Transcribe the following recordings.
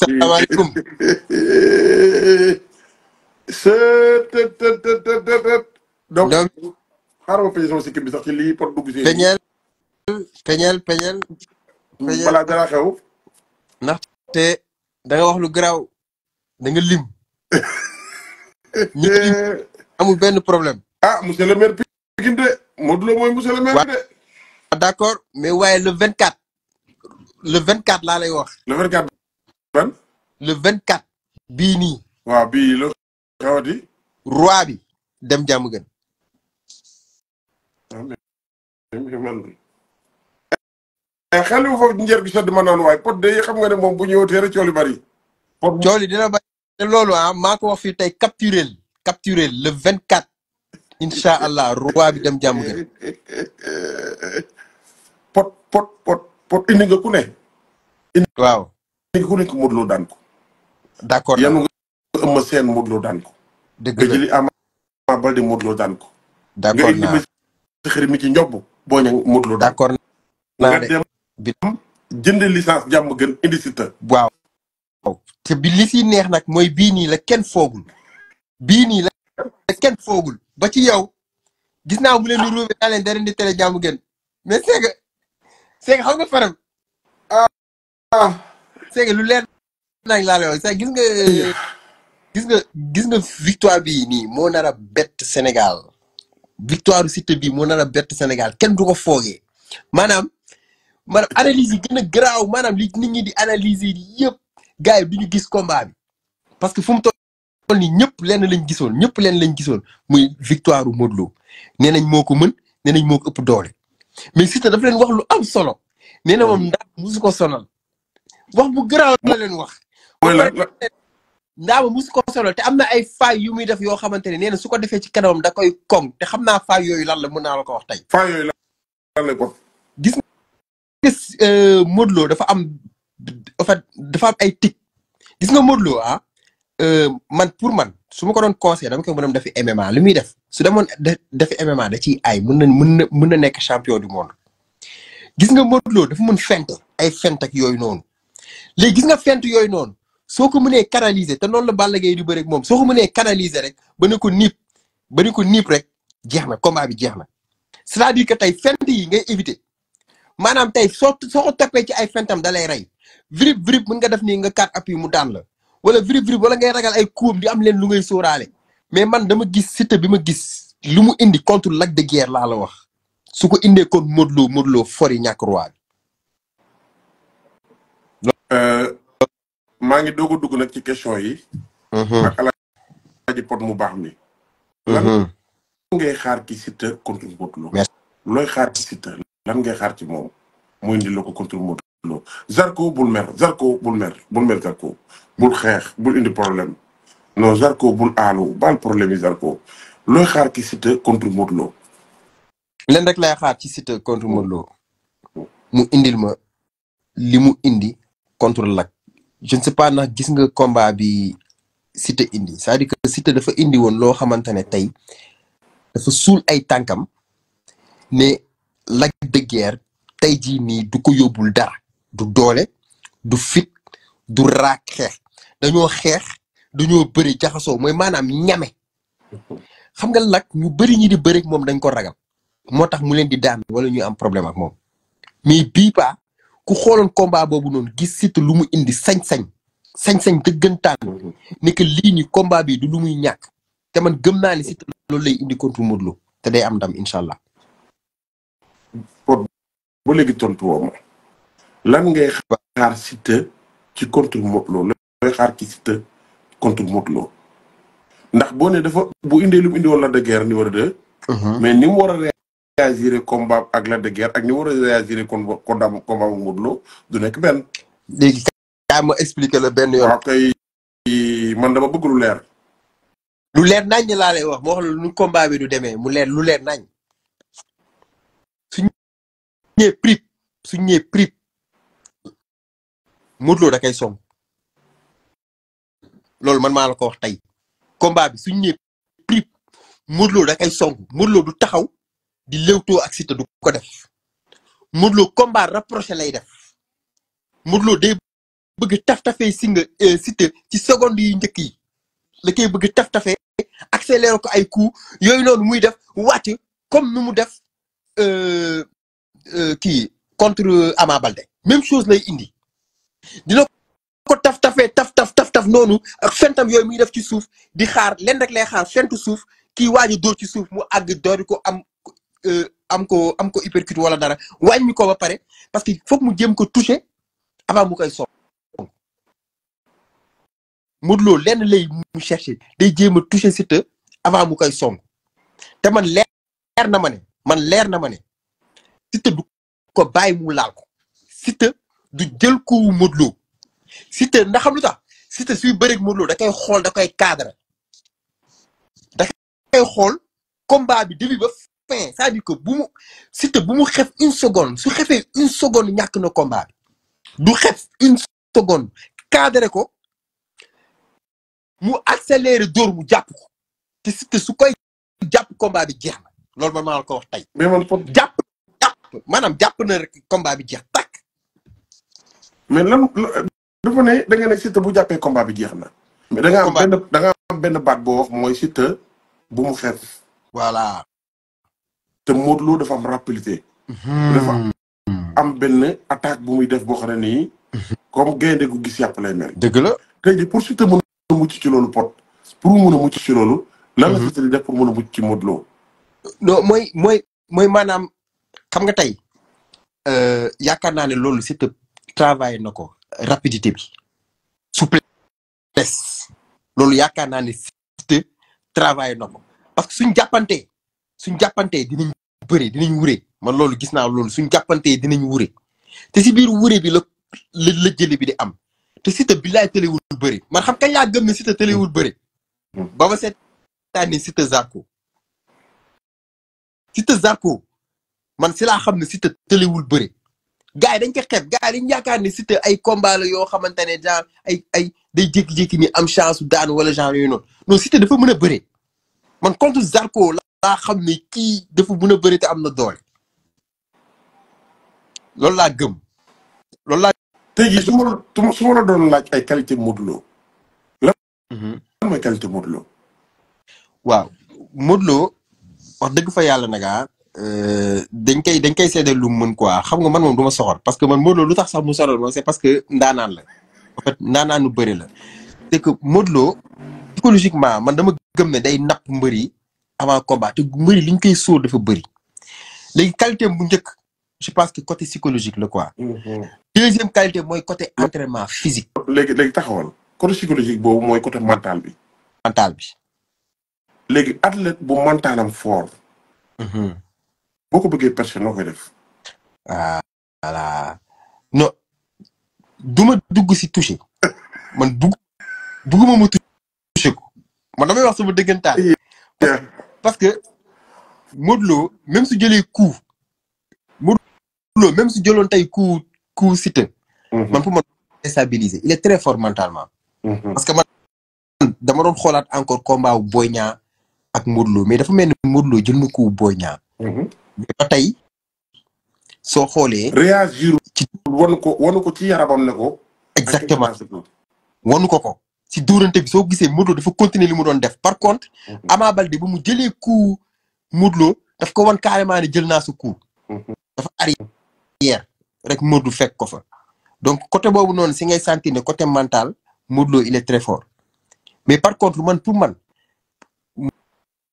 salaamaaleykum. seet seet donc xaaral ma peñe sax ci lii pot dugg si. peñeel peñeel peñeel. peñeel balaa dara xew. wax lu garaaw da nga lim. ñu amul benn problème. ah monsieur le maire Pikine de Modou Lo mooy monsieur le de. d'accord mais waaye le 24. le 24 laa lay wax. le 24. le vingt quatre bii nii waaw bii la xewati roi bi dem jàmm gën ah, eh, xelu foofu njër gi sedd ma naan waaye pot de xam nga ne moom bu ñëw bari cool yi dina te loolu ah maa wax fii tey capturé le vingt quatre incha allah roi bi dem jàmm gën pot pot pot pot indi ku ne waaw ku nekk Modou Lo daan ko. d' accord yéen a ngi seen Modou Lo daan ko. dëgg la nga Ama Baldé Modou Lo daan ko. d' accord naa nga indi ci njob boo ñëw d' accord jënd licence jàmm indi si te. waaw. bi li si neex nag mooy bii nii la kenn foogul. bii nii la kenn foogul ba ci yow gis naa mu leen di ruube naa leen dara di télé jàmm gën mais c'est que xam nga faram. Ah, ah. c'est lu leer nañ laa lay wax gis nga gis nga gis nga victoire bii nii moo nar bet bett Sénégal victoire Siteu bii moo nar bet senegal Sénégal kenn du ko foogee maanaam maanaam analyse yi gën a garaaw maanaam li nit ñi di analyse yëpp gars yi du ñu gis combat bi parce que fu to toll nii ñëpp lenn lañ gisoon ñëpp lenn lañ gisoon muy victoire u Modou Lo nee nañ moo ko mën nee nañ moo ko ëpp doole mais Siteu dafa leen wax lu am solo nee na moom mm-hmm. ndax musu ko sonal wax bu garaaw la leen wax. ndaama musu ko sonal te am na ay faay yu muy def yoo xamante ne nee na su ko defee ci kanamam da koy koŋ te xam naa faay yooyu lan la mën naa la ko wax tey. faay yooyu lan la ko. gis nga euh, Modou Lo dafa am dafa dafa am ay tic gis nga Modou Lo ah euh, man pour man su ma ko doon conseillé dama koy mën a defi MMA li muy def su demoon defi MMA da ci ay mën na mën na mën na nekk champion du monde gis nga Modou dafa mën fent ay fent ak yooyu noonu. léegi gis nga fent yooyu noonu soo ko mënee canaliser te noonu la Balla Gaye di bëre ak moom soo ko mënee canaliser rek ba ne ko niip ba ne ko niip rek jeex na combat bi jeex na c'est-à-dire que tey fent yi ngay éviter maanaam tey soo soo ko toppee ci ay fentam da lay rey vrip vrip mën nga def nii nga quatre appui mu daan la wala vrip vrip wala nga ragal ay kuum di am leen lu ngay sooraale mais man dama gis Siteu bi ma gis lu mu indi contre Lac de Guiers laa la wax su ko indee kon Modou Lo Modou Lo fori Euh, maa ngi doog a dugg nag ci question yi. Mhm. ak alaaji mu baax mi. Mhm. ngay xaar ci Siteu contre looy xaar ci Siteu lan ngay xaar ci moom muy indi la ko contre Modou Lô. Zarko bul mer Zarko bul mer bul mer Zarko bul xeex bul indi problème non Zarko bul aalu bal problème yi looy xaar ci Siteu contre Modou leen rek lay xaar ci Siteu contre Modou mu indil ma li indi. contre Lac je ne sais pas ndax gis nga combat bi Siteu indi cest à que Siteu dafa indi woon loo xamante ne tey dafa suul ay tànkam ne Lac de tey jii nii du ko yóbbul dara du doole du fit du raak xeex dañoo xeex dañoo bëri jaxasoo mooy maanaam ñame xam nga lag ñu bëri ñii di bëri moom dañ ko ragal moo tax mu leen di daan wala ñu am problème ak moom mais bii paa ku xooloon combat boobu noonu gis Siteu lu mu indi sañ-sañ sañ-sañ dëggantaan ni que lii nii combat bi du lu muy ñàkk te man gëm naa ni Siteu lay indi contre Modou Lo te day am ndam incha allah. Pod ba léegi tontu woo ma lan ngay xaar Siteu ci contre Modou Lo lan ngay xaar ci Siteu contre Modou Lo ndax boo ne dafa bu indi lu indi woon la de guerre numéro uh-huh. mais ni mu réagir combat ak Lac de Guiers ak ni war a réagir combat combat ak Modou Lo du nekk benn. léegi kaay ma expliquer la benn yoon. waaw kay man dama bëgg lu leer. lu leer nañ laa lay wax ma wax la nu combat bi du demee mu leer lu leer nañ suñ ñëwee prip suñ ñëwee prip Modou Lo da kay song loolu man maa la ko wax tey combat bi suñ ñëwee prip Modou Lo da kay song Modou Lo du taxaw. di lewtoo ak Siteu du ko def Modou Lo combat rapproché lay def Modou Lo day bëgg taf-tafee si nga euh, ci seconde yi njëkk yi la bëgg taf-tafee accéléré ko ay coup yooyu noonu muy def wàcc comme nu mu def euh, euh, kii contre Ama Baldé même chose lay indi dina ko taf tafee taf taf taf taf noonu ak fentam yooyu muy def ci suuf di xaar leen rek lay xaar fentu suuf kii waaju dóor ci suuf mu àgg doori ko am amko euh, amko am hypercute wala dara ko ba pare parce que faut mu je ko toucher avant mu koy song. Modou len lay mu chercher day toucher avant mu song te man man ne du ko bay mu ko du jël ko Modou Lo Siteu xam suy da da cadre da combat bi ça veut dire que tu si une seconde, tu une seconde tu rêves une seconde a na combat bi Tu xef une seconde cadre ko mu une seconde. mu te Tu su combat bi une na Tu mais tu une seconde. Tu na combat bi une mais une seconde. tu ne seconde. bu combat mais voilà. te Modou Lo dafa am rapidité. Hmm. am benn attaque bu muy def boo xam ne kom comme gaynde gu gis yàpp lay mel. dëgg la tey pour Siteu mën a mucc ci loolu pot pour mu mën ci loolu. lan la hmm. Siteu di def pour mën a mucc ci Modou Lo. non mooy mooy mooy maanaam xam nga tey euh, yaakaar naa ne loolu Siteu travaillé na ko rapidité bi souplesse loolu yaakaar naa ne Siteu travaillé na ko parce que suñ jàppante suñ jàppantee dinañ bëree dinañ wure man loolu gis naa loolu suñ jàppantee dinañ wure te si biir wuree bi la la jële bi di am te Siteu billaay tëlewul bëri man xam kañ laa gëm ne Siteu tëlewul bëri ba ma seetaan ni Siteu Zarko Siteu Zarko man si laa xam ne Siteu tëlewul bëri dañ ko xeeb gars yi dañ yaakaar ay combat yoo xamante ne genre ay ay day jékki-jékki ni am chance daan wala genre yooyu noonu non Siteu dafa mën a bëri man contre Zarko la laa xam ne kii dafa mën a bëri te am na doole loolu laa gëm loolu laa. tey jii su ma su la doon laaj ay qualité Modou Lo. Mhm. lan mooy qualité Modou Lo. waaw Modou Lo wax dëgg fa yàlla nagaa ah, euh, dañ koy dañ koy seedeel lu mu mën quoi xam nga man moom du ma soxor parce que man Modou Lo lu tax sax mu soxor moom c'est parce que ndaanaan la en fait ndaanaanu bëri la c'est que Modou psychologiquement man dama gëm ne day napp mbër yi avant combat te mbëri li ñu koy sóor dafa de léegi qualité bu je pense que côté psychologique le quoi. Mm-hmm. deuxième qualité moi côté entraînement physique. les les côté psychologique c'est moi côté mental bi. mental bi. léegi athlète bu mentalam fort. Mm-hmm. boo ko bëggee percer noo koy def. voilà non du ma dugg si touché man dugg dugguma ma touché ko man damay wax sama dëggantaan parce que modlo même si jëlee coup Modou Lo même si jëloon tey coup coup cité mhm. man pour man déstabiliser il est très fort mentalement. Mhm. parce que man dama doon xoolaat encore combat wu Boy Niang ak Modou mais dafa mel modlo Modou Lo coup boynia mhm. mais ba tey soo xoolee. réagir wanu ko wanu ko ci yaramam ne exactement wanu ko ko si dóorante bi soo gisee modlo, Lo dafa continuer li mu doon def par contre. Mhm. Ama balde, bu mu jëlee coup modlo, Lo daf ko won carrément ne jël naa su coup. Mhm. dafa arrière rek modlo fekk ko fa. donc côté boobu noonu si ngay sentir ne côté mental modlo il est très fort mais par contre man pour man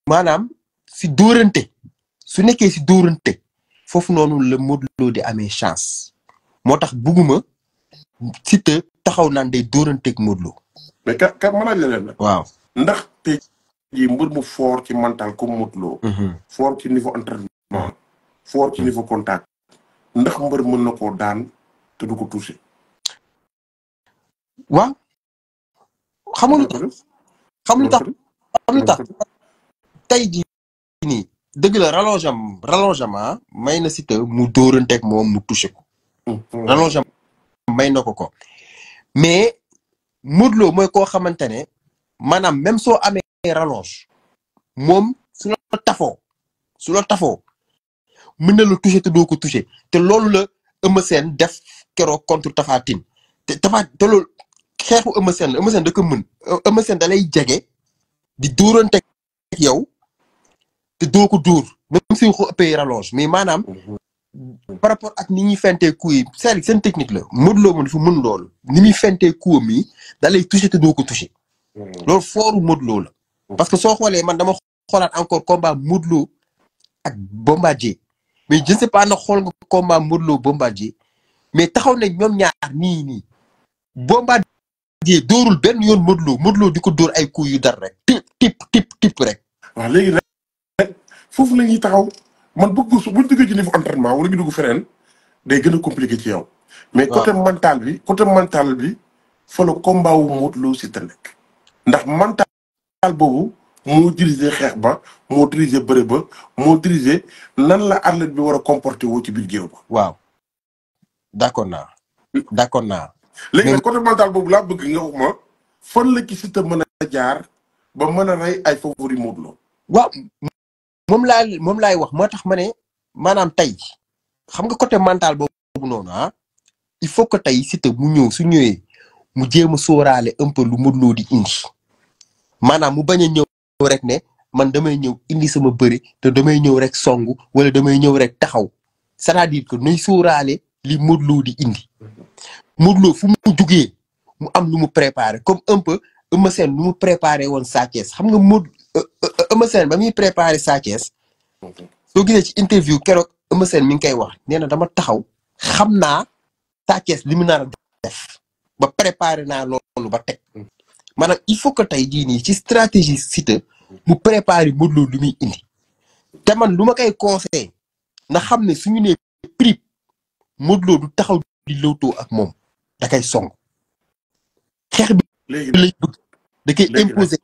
maanaam si dóorante su nekkee si dóorante foofu noonu le modlo di amee chance moo tax bugguma Siteu taxaw naan day dóoranteeg modlo mais ka ka nag. waaw ndax mhm. niveau entraînement. Mhm. ci mhm. niveau contact. ndax mën na koo daan te du ko touché. waaw. xam nga tax xam tax xam lu tax tey la rallongement rallongement may na Siteu mu mu touché ko. rallongement may na ko ko Modou Lo mooy koo xamante ne maanaam même soo amee rallonge moom su la tafoo su la tafoo mën na la toucher te doo ko toucher te loolu la Eumeu Sène def keroog contre Tapha te Tapha te loolu xeexu Eumeu Sène la Eumeu Sène da dalay jege di dóorante ak yow te doo ko dóor même si nga ko ëppee rallonge mais maanaam mhm. par rapport ak ni ñuy fentee coup c'est une technique la Modou Lo moom mën ni toucher coup toucher da lay hmm. parce que so xolé man dama encore combat Modou ak Bombardier mais je sais pas na combat Bombardier mais taxaw na ñaar Bombardier ay yu tip tip tip rek. wa légui man bëgg su bu ñu duggee ci niveau entraînement wala ñu dugg feneen day gën a compliqué ci yow. mais côté mental bi côté mental bi fa la combat wu Modou Lo Siteu ndax mental boobu moo diriger xeex ba moo diriger bëre ba moo diriger nan la athlète bi war a comporté woo ci biir géew ba. waaw d' accord naa d' accord naa. léegi nag côté mental boobu laa bëgg nga wax ma fan la ci Siteu mën a jaar ba mën a rey ay favori Modou Lo. waaw moom laa moom laay wax moo tax ma ne maanaam tey xam nga côté mental boobu noonu ah il faut que tey Siteu mu ñëw su ñëwee mu jéem a sóoraale un peu lu Modou di indi maanaam mu bañ a ñëw rek ne man damay ñëw indi sama bëri te damay ñëw rek songu wala damay ñëw rek taxaw c'est-à-dire que nuy sóoraale li Modou di indi Modou fu mu jugee mu am lu mu préparé comme un ma Eumeu Sène lu mu préparé woon Sa xam nga Modou euh, euh, Eumeu Sène ba muy préparé Sa soo gisee ci interview keroog Eumeu Sène mi ngi koy wax nee na dama taxaw xam naa Sa Thiès li mu nar ba préparé naa loolu ba teg maanaam il faut que tey jii nii ci stratégie Siteu mu préparé Modou Lo lu muy indi te man lu ma koy conseillé na xam ne suñu nee prip Modou du taxaw di lëwtoo ak moom da koy song xeex bi lay bëgg da koy imposer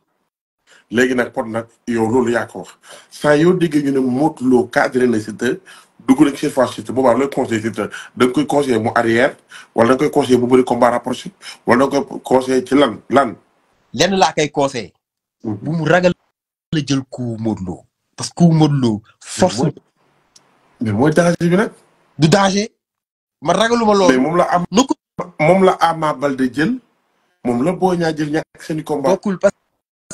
léegi na pot nag yow loolu yaa ko wax saa yoo déggee ñu ne Modou Lo cadré na Siteu dugg na ci surface Siteu boobaa looy conseillé Siteu da koy conseillé mu arrière wala da nga koy conseillé mu bëri combat rapproché wala da nga koy conseillé ci lan lan. lenn laa koy conseillé. Mm. bu mu ragal la jël ku Modou parce que coup Modou Lo force. mais mooy danger bi nag. du danger. man ragaluma loolu. moom la am moom la Ama Baldé jël moom la Boy Niang jël ñàkk seen i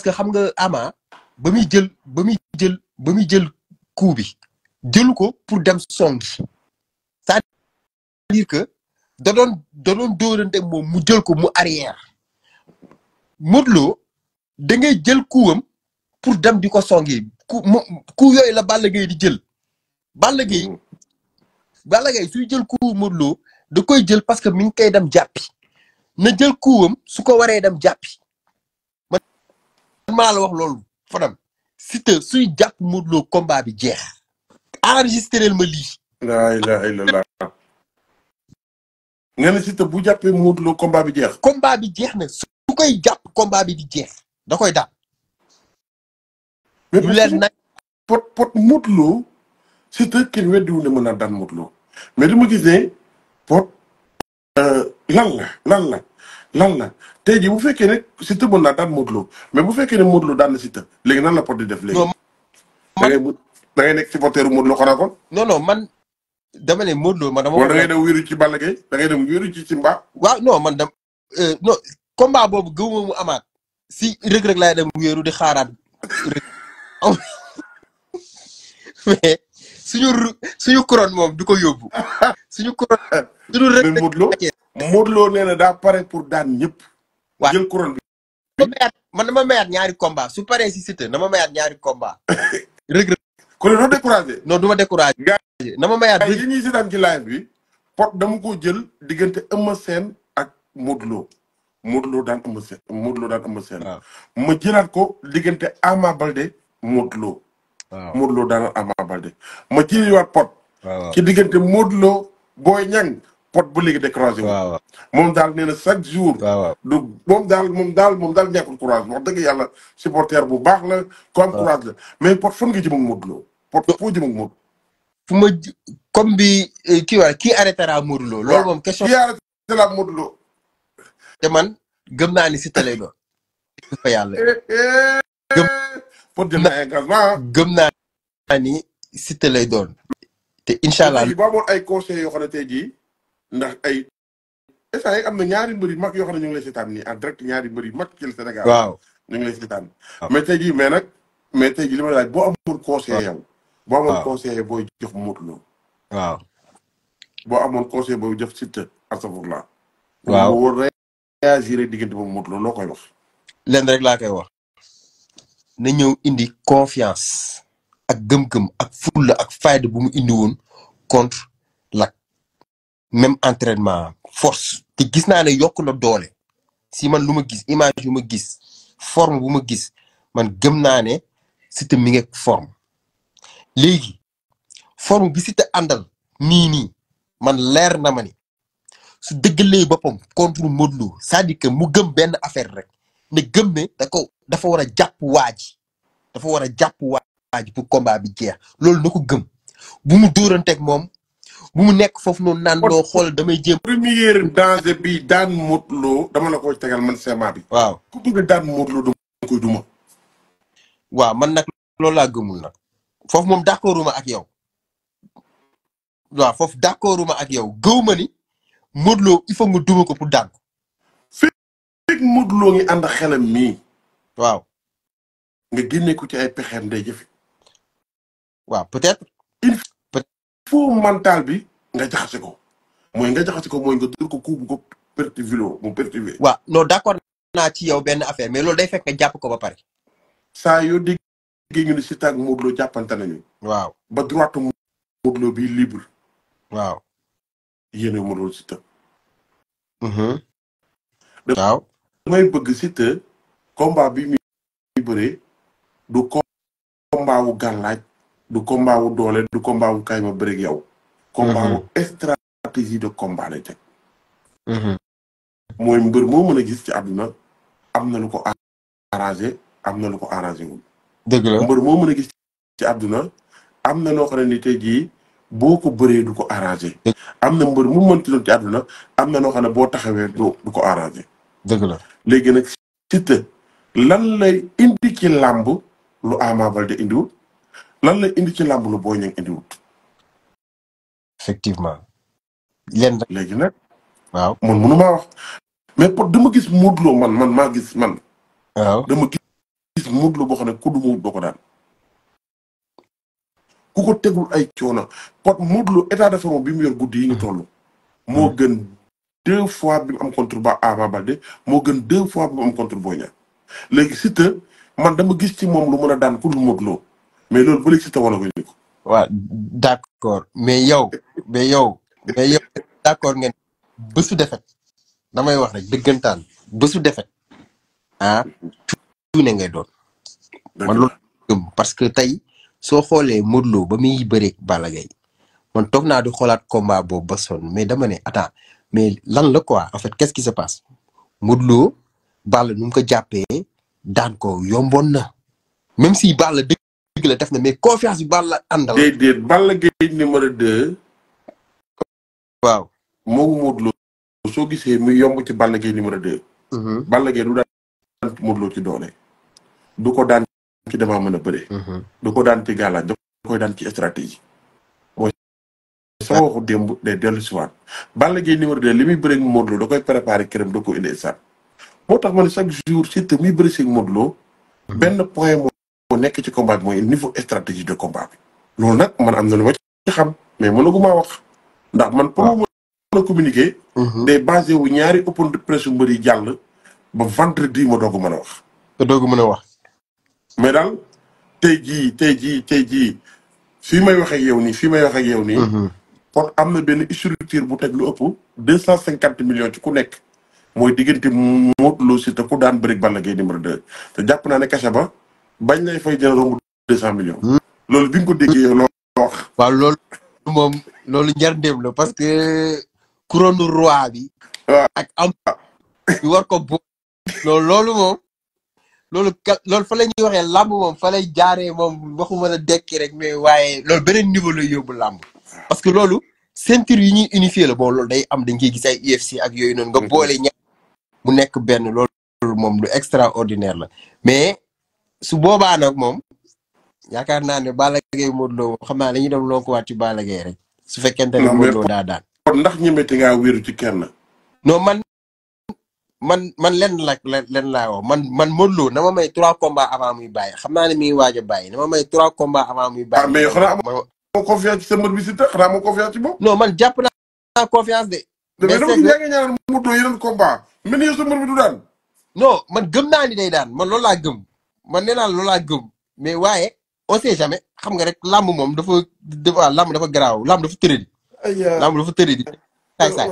parce xam nga Ama ba muy jël ba jël ba muy jël coup bi jëlu ko pour dem songi c'est-à-dire que da doon da doon dóorante mu jël ko mu arrière Modou Lo da ngay jël kuwam pour dem di ko songi ku ku yooyu la Balla di jël Balla Gaye Balla Gaye suy jël kuwu Modou Lo da koy jël parce que mi ngi koy dem jàppi na jël kuwam su ko waree dem jàppi maa la wax loolu Fadam Siteu suy jàpp mutlu Lo bi jeex enregistré ma lii. laa ilaaha nga ne bu jàppe Modou Lo combat bi jeex. combat bi jeex na su koy jàpp komba bi di jeex da koy daan. lu leen nag pot pot Modou Lo Siteu kenn weddiwu ne mën naa daan mutlu Lo mais li ma gis ne pot. Euh, lan la lan la. lan la tey jii bu fekkee ne Siteu mën na daan Modou Lo mais bu fekkee ne Modou Lo daan na Siteu léegi nan la pot di def léegi. non man da ngay da ngay nekk supporteru Modou Lo xanaa kon. non non man dama ne Modou Lo man dama. wala da ci Balla Gaye da ngay dem wéeru ci Simba. waaw non man dam euh, non boobu gëmuma mu amaat si Reug Reug laay dem wéeru di xaaraat mais suñu suñu couronne moom du ko yóbbu. suñu couronne suñu Reug Reug Modou Lo nee na daa pare pour daan ñëpp. waaw jël couronne bi. man dama mayaat ñaari combat su paree si Siteu dama mayaat ñaari combat. rëgg kon doo découragé. non du ma découragé. gars yi dama mayaat rëgg yi ñuy seetaan bi. pot dama ko jël diggante Eumeu Sène ak Modou Lo. Modou Lo daan Eumeu Sène Modou Lo ma jëlaat ko diggante Ama Balde Modou Lo. waaw Modou ma jëliwaat pot. ki diggante Modou Lo Boy pot bu léegi découragé waaw moom daal nee na chaque jour du moom daal moom daal moom daal ñàkkul courage wax dëgg yàlla supporter bu baax la ku am courage la mais pot fo nga jëm ak Modou Lo pot foo jëm ak Modou fu ma comme bi eh, kii waa kii arrêtera Modou Lo loolu moom question kii arrêtera Modou Lo te man gëm naa ni si télé doon fa yàlla eh, eh. gëm naa ni si doon te incha allah ba amoon ay conseils yoo xam ne tey jii ndax ay. instant yii am na ñaari mbër yu mag yoo xam ne ñu ngi lay seetaan nii en direct ñaari mbër yu mag ci Sénégal. waaw ñu ngi lay seetaan. mais tey jii mais nag mais tey jii li ma laaj boo amoon conseiller yow. boo amoon conseiller booy jox Modou Lo. waaw. boo amoon conseiller booy jox Siteu astafurlah. waaw boo war a réagir diggante boobu Modou Lo loo koy wax. lenn rek laa koy wax. na ñëw indi confiance. ak gëm-gëm ak fulla ak fayda bu mu indi woon contre. même entraînement force te gis naa ne yokk doole si man lu ma gis image yu ma gis forme bu ma gis man gëm naa ne Siteu mi forme léegi forme bi Siteu àndal nii nii man leer na ma ni su dëggalee boppam contre Modou Lô cest mu gëm benn affaire rek ne gëm ne da ko dafa war a jàpp waaji dafa war a jàpp waaji pour combat bi jeex loolu na ko gëm bu mu dóoranteeg moom bu mu nekk foofu noonu naan loo xool damay jéem. première danger bi daan Modou Lo dama la ko tegal man seulement bi. waaw ku bëgg daan man nag loolu laa gëmul na foofu moom d'accorduma ak yow waaw foofu d'accorduma ak yow gëw ma ni Modou Lo nga duma ko pour daan ko. fekk Modou Lo ngi ànd xelam waaw. nga génne ko ci ay pexeem day jëfe. waaw peut-être. faux mental bi nga jaxase ko mooy nga jaxase ko mooy nga dóor mu pertivé. waaw non d'accord naa ci yow benn affaire mais loolu day fekk nga jàpp ko ba pare. saa yoo déggee ñu ne Siteu ak jàppante nañu. waaw ba droite Modou bi libre. waaw. yéene ma loolu Siteu. waaw. damay bëgg Siteu combat bi muy bëree du combat wu gàllaaj du combat doole du combat wu kaay ma bëreeg yow. Mhm. combat wu stratégie de combat lay teg. Mhm. mooy mbër moo mën a gis ci àdduna am na ko arrangé am na ko arrangé wul. dëgg la mbër mën a gis ci àdduna am na noo xam ne ni tey boo ko bëree du ko arrangé. am na mbër mu mënti doon ci àdduna am na noo xam ne boo taxawee du du ko arrangé. dëgg la léegi nag Siteu lan lay indi ci làmb lu Ama Baldé indiwul. lan lay indi ci làmb lu booy ñang indi wut effectivement lenn léegi nag waaw man mënu maa wax mais pour dama gis Modou Lo man man maa gis man waaw dama gis Modou Lo boo xam ne ku du ma wut boo ko daan ku ko tegul ay coono kon Modou Lo état de forme bi mu yor guddi yi ñu toll moo mm-hmm. gën deux fois bi mu am contre ba Ama Baldé moo gën deux fois bi contre Boy Niang léegi Siteu man dama gis ci moom lu mën a daan ku dul Modou mais l'autre, vous l'écoutez mais yow mais yow mais yow d'accord ngeen defet damay wax rek defet ah ne ngay doon. man parce que tay so xolé modlo ba mi man n'a du combat ba mais dama attends mais lan la quoi en fait qu'est-ce qui se passe modlo Lo num ko ko même si la def na mais confiance bi Balla àndal. déedéet Balla Gaye numéro 2. waaw moom Modou Lo soo gisee muy yomb ci Balla Gaye numéro 2. Mm-hmm. Balla Gaye du daan Modou ci doole. du ko daan ci damaa mën a bëre. Mm-hmm. du ko daan ci gàllaaj da koy daan ci stratégie. mooy sama ah. waxu démb day dellu si waat Balla Gaye numéro 2 li muy bëre ak Modou Lo da koy préparé këram da ko indi stade. moo tax ma ne chaque jour surtout muy bëri si Modou mm-hmm. benn point bu nek ci combat moy niveau stratégie de combat bi lool nak man am na lu ma ci xam mais mënaguma wax ndax man pour mo mën communiquer mhm. day basé wu ñaari open de pression mbeuri jall ba vendredi mo dogu mën wax te dogu mën wax mais dal tey jii tey jii tey jii fii may wax ak yow ni fi may wax ak yow ni mhm. kon am na benn structure bu tek lu upp 250 millions ci ku nek moy digënté Modou Lo ci te ku daan brick Balla Gaye numéro 2 te japp na né kassa ba bañ lay fay dina romb deux cent millions. loolu bi nga ko déggee loolu wax. waaw loolu moom loolu jar njarndeem la parce que couronne roi bi. ak am war ko bo loolu moom. loolu ka loolu fa la ñuy waxee làmb moom fa lay jaaree moom waxuma la dekki rek mais waaye loolu beneen niveau la yóbbu làmb. parce que loolu ceinture yi ñuy unifié la day am dañ koy gis ay UFC ak yooyu noonu. nga mm-hmm. boole ñaar mu nekk benn loolu. moom lu extraordinaire la mais. su boobaa nag moom yaakaar naa ne Balla Gaye Modou Lo xam naa dañuy dem lonkuwaat ci Balla Gaye rek su fekkente ne Modou Lo daa daan. kon ndax ñemeti ngaa wéeru ci kenn. non man man man lenn la lenn laa wax man man Modou Lo na ma may trois combats avant muy bàyyi xam naa ne mi ngi waaj a bàyyi na may trois combats avant muy bàyyi. ah mais xanaa amoo confiance ci sa mbër bi si jàpp naa confiance de. mais c' est que mais dama ñaanal Modou Lo day daan man loolu laa gëm. man nee naa loolu laa gëm mais waaye on sait jamais xam nga rek làmb moom dafa dafa làmb dafa garaaw làmb dafa tëradi. Euh, làmb dafa tëradi. saay saay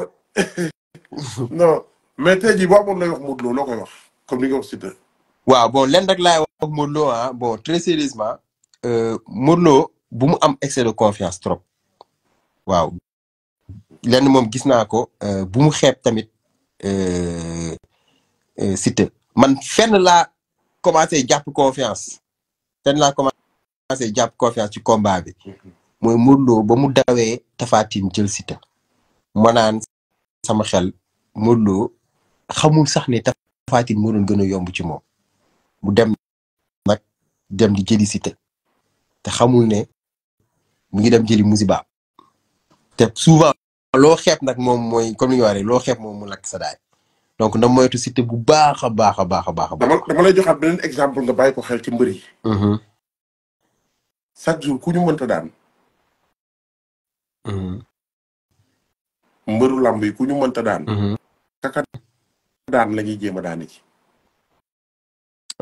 non mais tey jii boo amoon lay wax Modou Lo loo koy wax comme ni nga rek laay wax Modou Lo ah bon très sérieusement euh, bu mu am excès de confiance trop waaw lenn moom gis naa ko euh, bu mu xeeb tamit Siteu man fenn commencé jàpp confiance ten laa commencé jàpp confiance ci combat bi mooy Modou Lo ba mu dawee Tapha Tine jël site ma sama xel Modou Lo xamul sax ne Tapha Tine moo gën a yomb ci moom mu dem nag dem di jëli Siteu te xamul ne mu ngi dem jëli musiba te souvent loo xeeb nag moom mooy comme ni ñu waxee loo xeeb moom mu lakk sa donc na moytu cité bu baax a baax a baax a dama dama lay joxaat benen exemple nga bay ko xel ci mbër hmm chaque jour ku ñu mënta daan. Mm-hmm. mbëru lamb yi ku ñu mënta daan. Mm-hmm. kaka daan la ñuy jéem ci.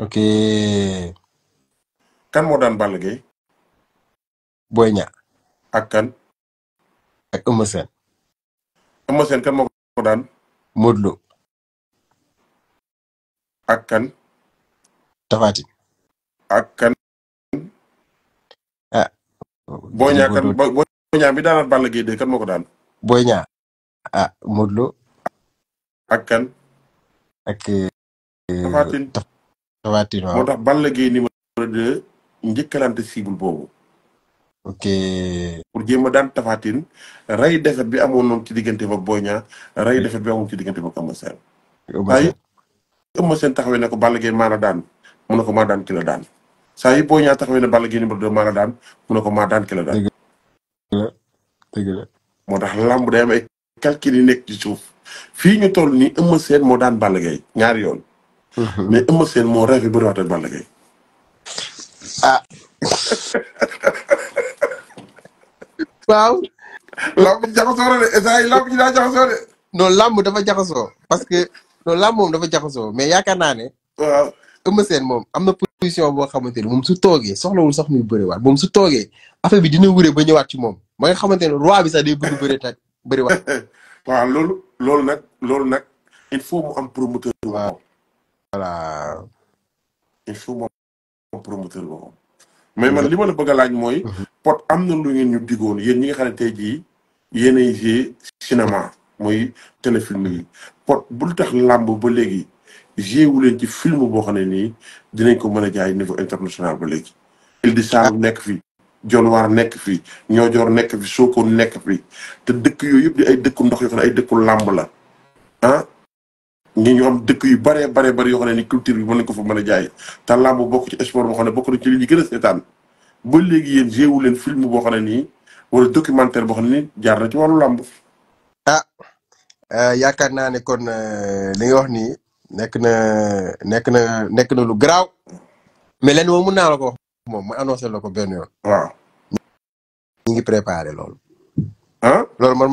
ok. kan mo daan ball Gaye. Boy Niang. ak kan. ak Eumeu Sène. Eumeu Sène kan mo ko daan. modlo akan kan akan ak kan ah Boy Niang kan Boy Niang bi daanaat Balla Gaye 2 kan moko ko daan Boy ah Modou akan ak kan ak tafatin tafatin waaw moo tax Balla Gaye numéro 2 njëkkalante cible bobu ok pour jéem a daan tafatin ray defet bi amoon noonu ci diggante ba Boy ray defet bi amoon ci diggante ba Eumeu Sène ëmma seen taxawee ne ko Balla gi maa la daan mu ne ko maa daan ki la daan saa yi boo ñaa taxawee ne Balla gi numéro 2 maa la daan mu ne ko maa daan ki la daan. dëgg la moo tax lamb day am ay calcul yi nekk ci suuf fii ñu toll nii ëmma seen moo daan Balla Gaye ñaari yoon. mais mhm. ëmma seen moo rêvé bëriwaat ak Balla Gaye. ah. waaw. lamb jaxasoo la de saa yi lamb ji daa jaxasoo de. non lamb dafa jaxasoo parce que. loolu làmb moom dafa jaxasoo mais yaakaar naa ne. waaw Eumeu Sène moom am na position boo xamante ni moom su toogee soxla soxlawul sax muy waat moom su toogee affaire bi dina wure ba ñëwaat ci moom ba nga xamante ne roi bi sax day bëgg bëri tak bëriwaat. waaw loolu loolu nag loolu nag il faut mu am promoteur. waaw voilà. il faut mu am mais man mhm. li ma la bëgg laaj mooy. Mhm. Pod am na lu ngeen ñu diggoon yéen ñi nga xam ne tey jii yéenay cinéma. mooy téléfilm yi pot bul tax làmb ba léegi jéewu leen ci film boo xam ne nii dinañ ko mën a jaay niveau international ba léegi Ildi Sarr nekk fi Jonwaar nekk fi Ñoojoor nekk fi Sokone nekk fi te dëkk yooyu yëpp di ay dëkku ndox yoo xam ne ay la ah ñi ñu am dëkk yu baree baree bari yoo xam ne culture bi mën nañ ko fa mën a jaay te làmb bokk ci sport boo xam ne bokk na ci li ñu gën a seetaan ba léegi yéen jéewu leen film boo xam ne nii wala documentaire boo xam ne nii jaar ci wàllu làmb Euh, yaakaar naa ne kon euh, li nga wax nii nekk na nekk na nekk na lu garaaw mais lenn moom mun naa ko moom ma annoncé la ko benn yoon. waaw. ñu ngi préparé loolu. ah loolu man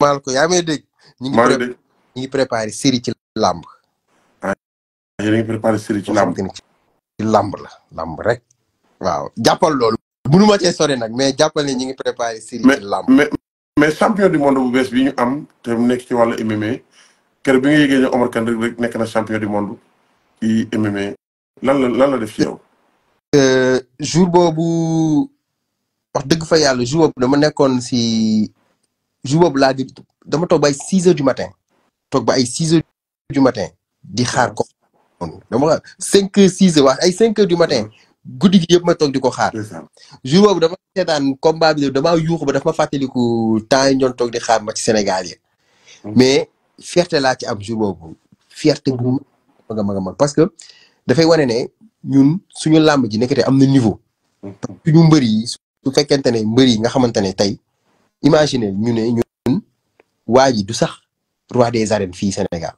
maa la ko yaa may dégg. ñu ngi préparé ñu ngi préparé série ci làmb. ah yéen a ngi préparé série ci làmb. la làmb rek. waaw jàppal loolu. mënu ma cee sori nag mais jàppal ne ñu ngi préparé série ci mais champion du monde bu bees bi ñu am te mu nekk ci wàllu MMA kër bi nga yëgee ne Omar Kane rek nekk na champion du monde ci MMA lan la lan la def ci yow. Euh, jour boobu wax dëgg fa yàlla jour boobu dama nekkoon si jour boobu laa dama toog ba ay six heures du matin toog ba ay six heures du matin di xaar ko dama cinq heures six heures waa ay cinq heures du matin. Mm-hmm. guddi gi yëpp ma toog di ko xaar. jour boobu dama seetaan combat bi damaa ba dafa ma fàttaliku temps yi ñoon toog di xaar ma ci Sénégal yi. mais fierté laa ci am jour boobu. fierté bu mag a mag a parce que dafay wane ne ñun suñu làmb ji nekkate am na niveau. suñu mbër yi su fekkente ne mbër yi nga xamante ne tey imaginer ñu ne ñun waa ji du sax roi des arènes fii Sénégal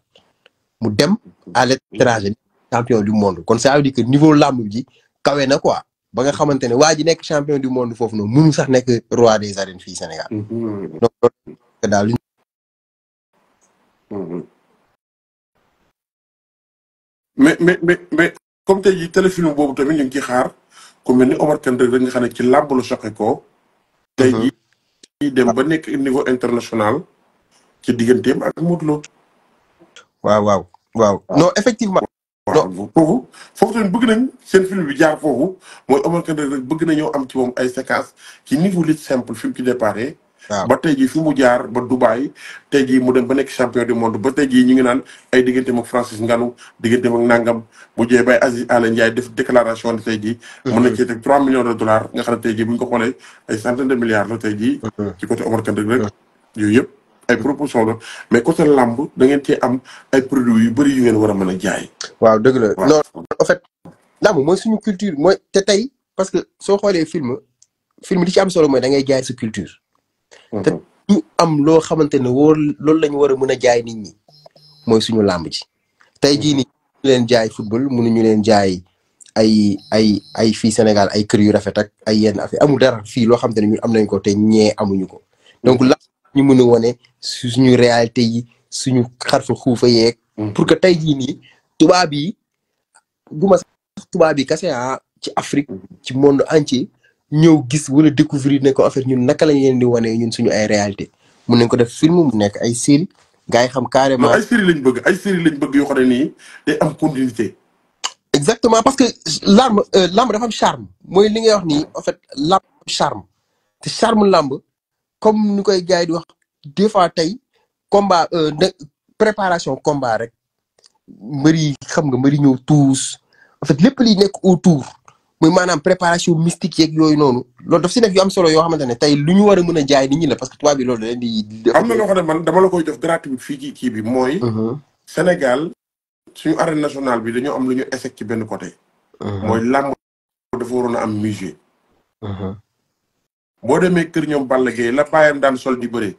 mu dem à l'étranger champion du monde kon ça veut dire que niveau làmb ji. kawe na quoi ba nga xamante ne waa ji nekk champion du monde foofu noonu mënu sax nekk roi des arènes fii Sénégal. Mm-hmm. donc loolu daal lu mm-hmm. mais mais mais mais comme tey jii téléfilm boobu tamit ñu ngi ciy xaar ku mel ni Omar Kane rek nga xam ci làmb lu soqe ko. Mm-hmm. tey dem ba nekk niveau international ci digganteem ak Modou Lo. waaw waaw waaw non effectivement. non foofu foofu tamit bëgg nañ seen film bi jaar foofu mooy Omar Kane rek bëgg nañoo am ci moom ay séquences ci niveau lutte simple fi mu ci déparé. ba tey jii fi mu jaar ba Dubaï tey jii mu dem ba nekk champion du monde ba tey jii ñu ngi naan ay digganteem ak Francis Ngannou digganteem ak Nangam bu jëyee bay Aziz Alain déclaration de tey jii. Mhm. mën millions de dollars nga xam ne tey jii bu ñu ko xoolee ay centaine de milliards la tey jii. Mhm. ci côté Omar Kane rek mhm. yooyu yëpp. ay proposition la mais côté làmb da ngeen cee am ay yu bëri yu ngeen war a mën a jaay. waaw dëgg la non en fait làmb mooy suñu culture mooy te tey parce que soo xoolee film film di ci am solo mooy da ngay jaay sa culture. te ñu mhm. am loo xamante ne wóor loolu la war a mën a jaay nit ñi mooy suñu làmb ji. tey jii nii ñu leen jaay football mënuñu leen jaay ay ay ay fii Sénégal ay kër yu rafet ak ay yenn affaire amul dara fii loo xamante ne ñun am nañ ko te ñee amuñu ko donc làmb ñu mën a wane su suñu réalité yi suñu xarfa xuufa yeeg. Mm. pour que tey jii nii tubaab yi du ma sax tubaab yi kase ah ci Afrique mm-hmm. ci monde entier ñëw gis wala découvrir ne ko affaire ñun naka lañu leen di wane ñun suñu ay réalité mun nañ ko def film mu nekk ay série gars yi xam carrément. ay série bëgg ay série lañ bëgg yoo xam ne nii day am continuité. exactement parce que làmb euh, lamb dafa charme mooy li ngay wax nii en fait làmb charme te charme lamb comme ni koy gars yi di wax des fois tey combat euh, préparation combat rek mbër yi xam nga mbër yi ñëw tuus en fait lépp liy nekk autour muy maanaam préparation mystique yeeg yooyu noonu loolu daf si nekk yu am solo yoo xamante ne tey lu ñu war a mën a jaay nit ñi la parce que tubaab bi loolu da leen di. am na loo xam ne fii ci kii bi mooy. Uh-huh. Sénégal suñu arène nationale bi dañoo am lu ñu échec ci benn côté. Uh-huh. mooy làmb dafa waroon a am musée. Uh-huh. boo demee kër ñoom Balla Gaye la bàyyam daan sol di bëre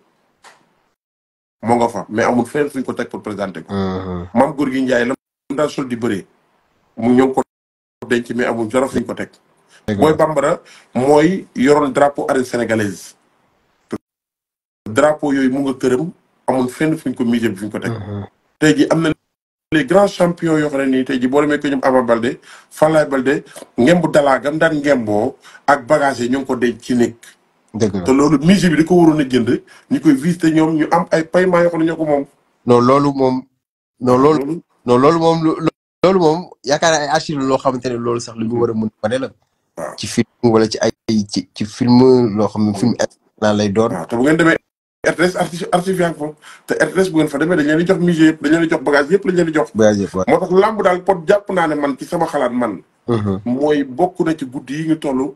nga fa mais amul feneen ko teg pour présenter ko. Uh-huh. maam góor gi Njaay la daan sol di bëre mu ñoo ko denc mais amul dara fuñ ko teg. booy bambara mooy yoroon drapeau arène sénégalaise. drapeau yooyu mu nga këram amul fenn fuñ ko musée bi fuñ ko teg. Uh-huh. tey am na les grands champions yoo xam ne nii tey ji boo demee ko ñoom Ama Balde Falaye Balde ngemb dalaa daan ngemboo ak bagage yi ñu ngi ko denc ci nekk. te loolu musée bi da ko waroon a jënd ñu koy visité ñoom ñu am ay paiement yoo xam ne ñoo ko moom. non loolu moom. non loolu non loolu moom loolu moom yaakaar naa ay archive loo xamante ne loolu sax lu ñu war a mën a wane la. ci film wala ci ay ci ci film loo xam ne film international lay doon. te bu ngeen demee RTS bu ngeen fa demee dañ leen di jox musée yëpp dañ bagage yëpp lañ leen di tax làmb daal pot jàpp naa man ci sama xalaat man. Mhm. mooy bokk na ci guddi yi ñu toll.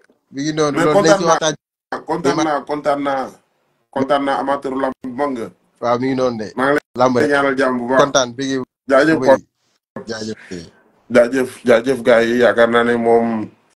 mi ngi noonu loolu dañ ci waxtaan kontaan naa kontaan naa kontaan naa amateur lamb mag nga. waaw mi ngi noonu de. maa ngi lay ñaanal jàmm bu baax kontaan bi ngi. jaajëf jaajëf yi yaakaar naa ne moom.